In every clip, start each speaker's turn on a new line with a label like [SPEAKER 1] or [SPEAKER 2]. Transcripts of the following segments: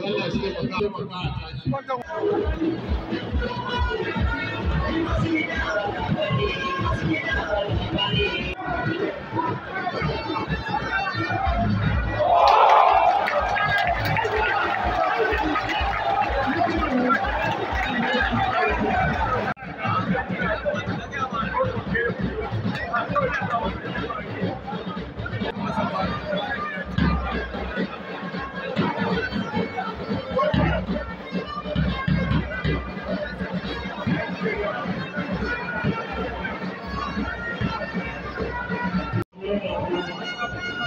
[SPEAKER 1] Allah shi ya taimaka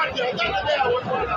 [SPEAKER 1] ọ̀gá ló bẹ̀rẹ̀ àwọn ọ̀gá.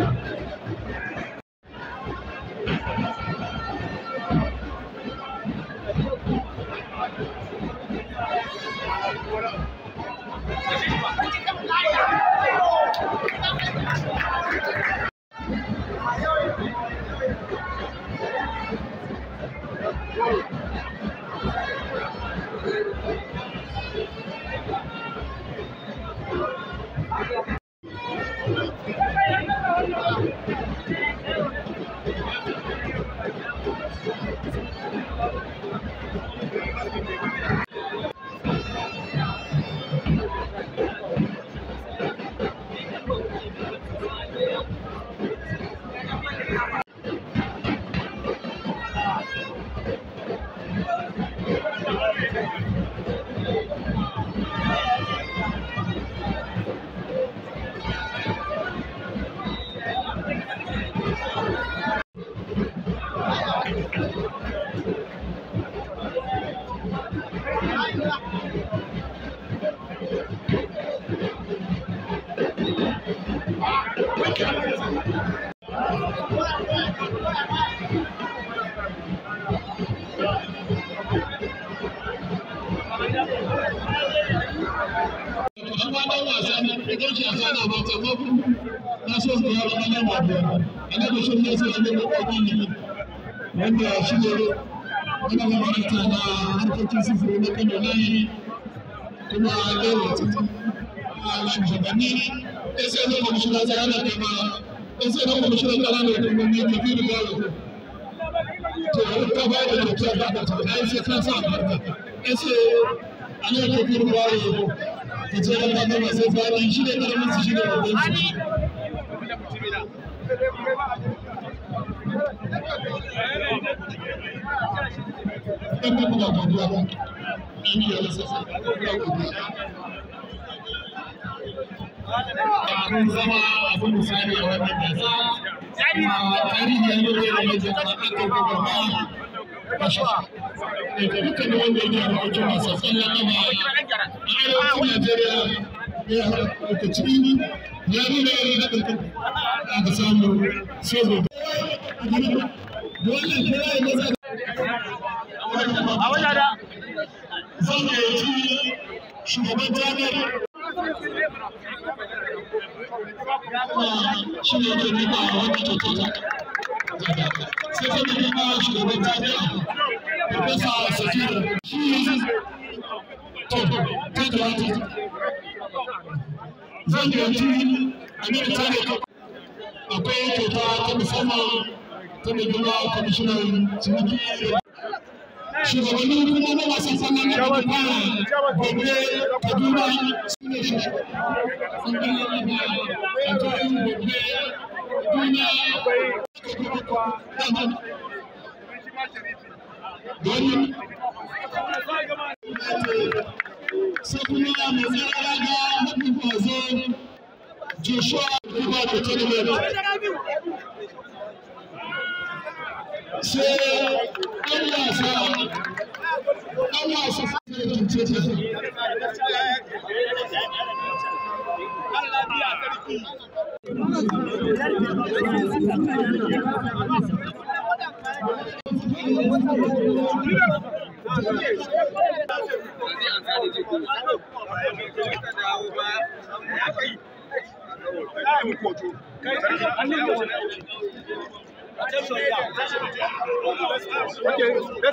[SPEAKER 1] wanda shi ne wani makaranta na harkokin sufuri na kano layi kuma yau a cikin shugabanni ya sai na kwamishinan tsara na kai ma ya sai na kwamishinan tsara na kai ma ne ke fi da gawo to ka ba da kyauta ba ka ta ai sai ka sa barka ya sai ana ke fi da gawo ka ce da ka gama sai fadi shi ne karamin su shi ne babban su Thank you. Mun zama abin misali a wannan gasa. da jama'a da ya harkar samu da shugaban jami'ar shi ne yake mika wanda ke kyauta sai ta bi mika shugaban jami'a profesa safiru shi yanzu to ta akwai kyauta ta musamman ta mai shugabanni kuma na wasan sannan na kuma gobe kaduna su ɗan ya ɗan Okay, let's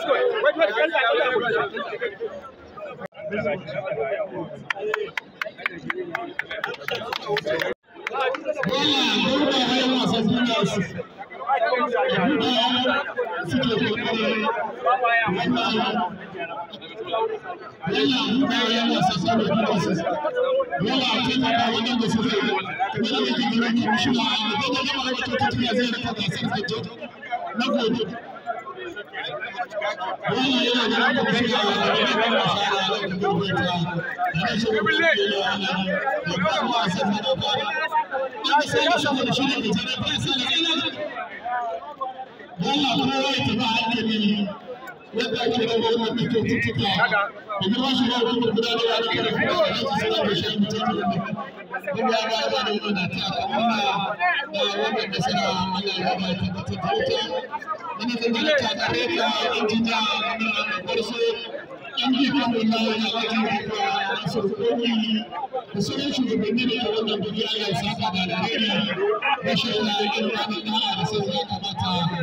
[SPEAKER 1] go. Wait, wait, wait, wait, wait. Allah ya yana sassa da kuma sassa wala ce ta ta tafiya yana da da yadda ake nan da wannan cikin cututtuka da girman da suna da shan cututtuka kuma ya ga da wannan da ta kuma da wannan da suna mana raba ta kan wannan ya wajen da duniya ya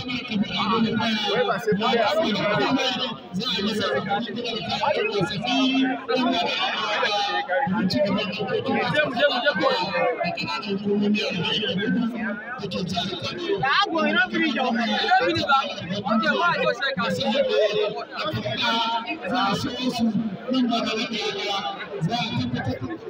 [SPEAKER 1] wai ba